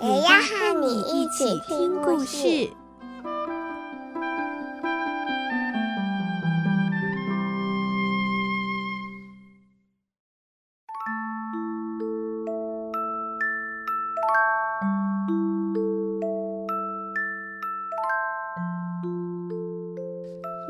哎要，要和你一起聽故事。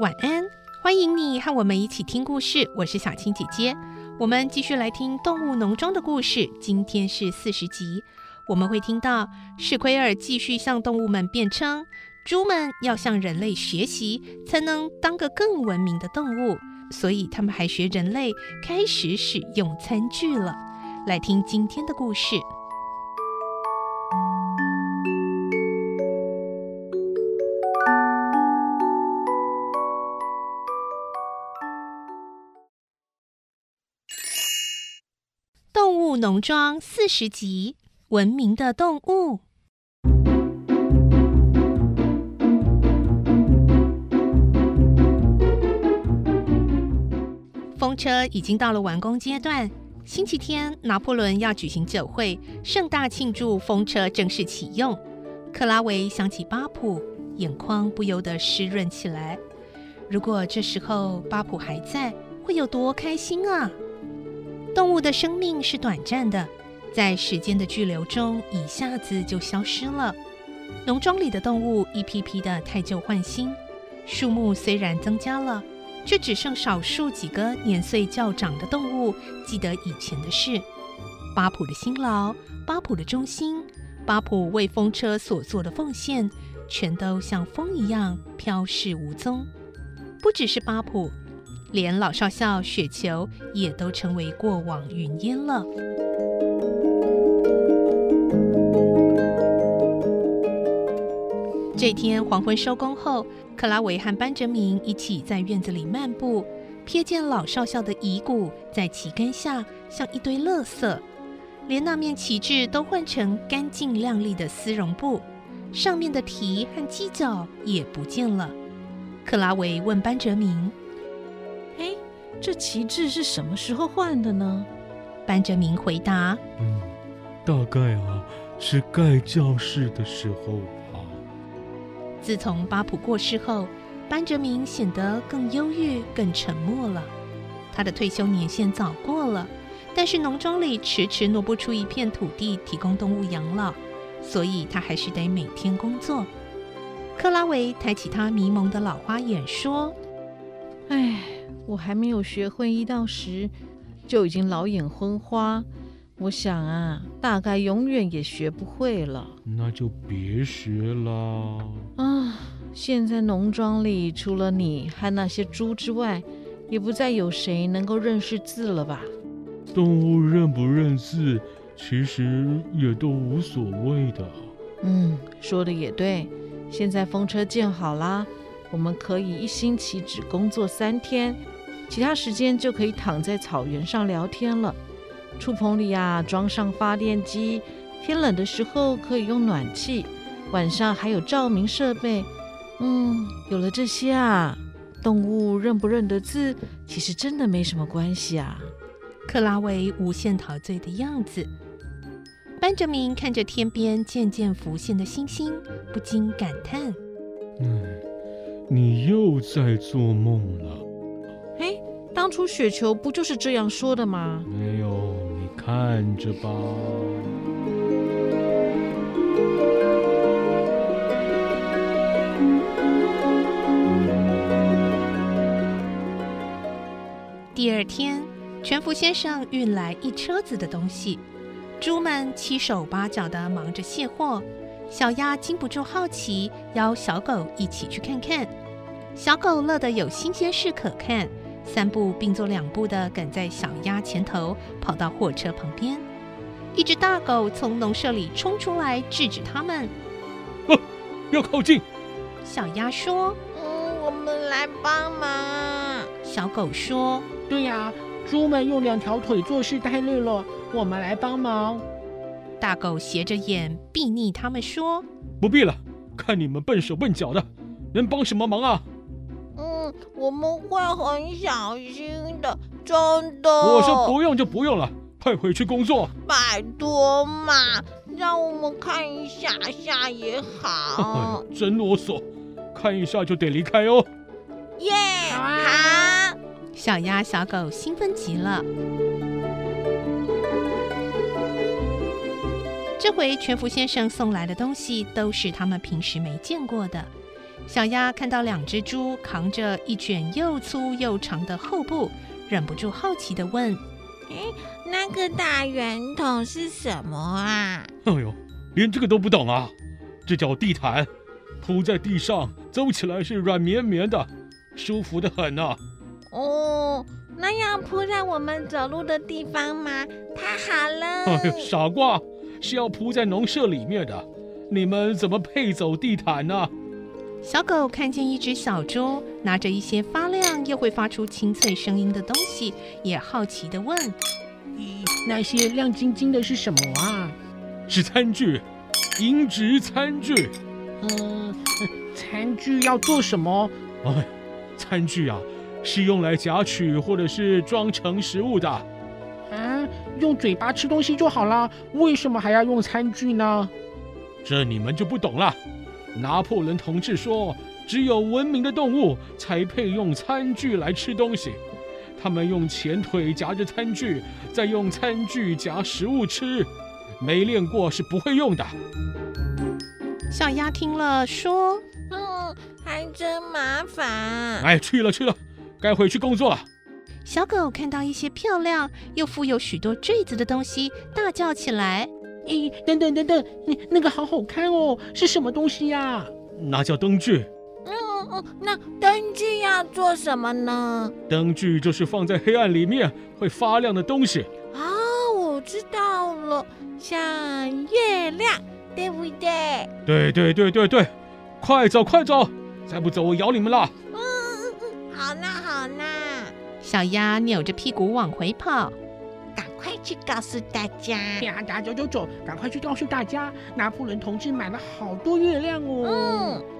晚安，歡迎你和我們一起聽故事。我是小青姐姐，我們繼續來聽《動物農莊》的故事。今天是四十集。我們會聽到史奎爾繼續向動物們辯稱，豬們要向人類學習，才能當個更文明的動物，所以他們還學人類開始使用餐具了。來聽今天的故事，《動物農莊》四十集。文明的動物。風車已經到了完工階段。星期天，拿破崙要舉行酒會，盛大慶祝風車正式啟用。克拉維想起巴普，眼眶不由得濕潤起來。如果這時候巴普還在，會有多開心啊！動物的生命是短暫的。在時間的巨流中，一下子就消失了。農莊裡的動物一批批的汰舊換新，樹木雖然增加了，卻只剩少數幾個年歲較長的動物記得以前的事。巴普的辛勞，巴普的忠心，巴普為風車所做的奉獻，全都像風一樣飄逝無蹤。不只是巴普，連老少校、雪球也都成為過往雲煙了。這天黃昏收工後，克拉維和班哲明一起在院子裡漫步，瞥見老少校的遺骨在旗杆下，像一堆垃圾，連那面旗幟都換成乾淨亮麗的絲絨布，上面的蹄和犄角也不見了。克拉維問班哲明：“嘿，這旗幟是什麼時候換的呢？”班哲明回答：“嗯，大概啊，是蓋教室的時候。”自從巴普過世後，班哲明顯得更憂鬱、更沉默了。他的退休年限早過了，但是農莊裡遲遲挪不出一片土地提供動物養老，所以他還是得每天工作。克拉維抬起他迷蒙的老花眼說：“哎，我還沒有學會一到十，就已經老眼昏花。我想啊，大概永遠也學不會了。那就別學啦。”現在農莊裡除了你和那些豬之外，也不再有誰能夠認識字了吧？動物認不認字，其實也都無所謂的。嗯，說的也對。現在風車建好了，我們可以一星期只工作三天，其他時間就可以躺在草原上聊天了。畜棚裡啊，裝上發電機，天冷的時候可以用暖氣，晚上還有照明設備。嗯，有了這些啊，動物認不認得字，其實真的沒什麼關係啊。克拉維無限陶醉的樣子，班哲明看着天邊漸漸浮現的星星，不禁感嘆：“嗯，你又在做夢了。”哎，當初雪球不就是這樣說的嗎？沒有，你看着吧。第二天，全福先生運來一車子的東西，豬們七手八腳的忙着卸貨。小鴨禁不住好奇，邀小狗一起去看看。小狗樂得有新鮮事可看，三步併作兩步的趕在小鴨前頭，跑到貨車旁邊。一隻大狗從農舍裡衝出來制止他們：“啊、哦，不要靠近！”小鴨說：“嗯，我們來幫忙。”小狗說，對呀，豬們用兩條腿做事太累了，我們來幫忙。大狗斜着眼睥睨他們說：“不必了，看你們笨手笨腳的，能幫什麼忙啊？”嗯，我們會很小心的，真的。我說不用就不用了，快回去工作。拜托嘛，讓我們看一下下也好。 真囉嗦，看一下就得離開哦。耶，好啊。啊小鴨、小狗興奮極了。這回全福先生送來的東西都是他們平時沒見過的。小鴨看到兩隻豬扛着一卷又粗又長的厚布，忍不住好奇的問：“誒，那個大圓筒是什麼啊？”“哎呦，連這個都不懂啊？這叫地毯，鋪在地上走起來是軟綿綿的，舒服的很呢、啊。”哦，那要鋪在我們走路的地方嗎？太好了！哎！傻瓜，是要鋪在農舍裡面的。你們怎麼配走地毯呢，啊？小狗看見一隻小豬拿着一些發亮又會發出清脆聲音的東西，也好奇地問：“那些亮晶晶的是什麼啊？”是餐具，銀質餐具。嗯，餐具要做什麼？哎，餐具啊。是用來夾取或者是裝盛食物的，啊，用嘴巴吃東西就好了，為什麼還要用餐具呢？這你們就不懂了。拿破崙同志說，只有文明的動物才配用餐具來吃東西，他們用前腿夾着餐具，再用餐具夾食物吃，沒練過是不會用的。小鴨聽了說：“嗯，還真麻煩。”哎，去了去了。該回去工作了。小狗看到一些漂亮又附有許多墜子的東西，大叫起來：“咦，等等等等你，那個好好看哦，是什麼東西呀，啊？”那叫燈具。嗯嗯，那燈具要做什麼呢？燈具就是放在黑暗裡面會發亮的東西。啊、哦，我知道了，像月亮，對不對？對對對對對，對，快走快走，再不走我咬你們了。嗯小鴨扭着屁股往回跑，趕快去告訴大家！走走走，趕快去告訴大家，拿破崙同志買了好多月亮哦。嗯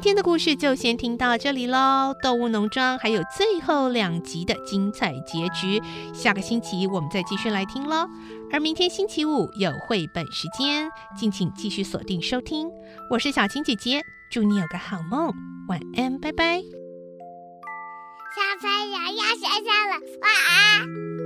今天的故事就先聽到這裡嘍，《動物農莊》還有最後兩集的精彩結局，下個星期我們再繼續來聽嘍。而明天星期五有繪本時間，敬請繼續鎖定收聽。我是小青姐姐，祝你有個好夢，晚安，拜拜。小朋友要睡覺了，晚安。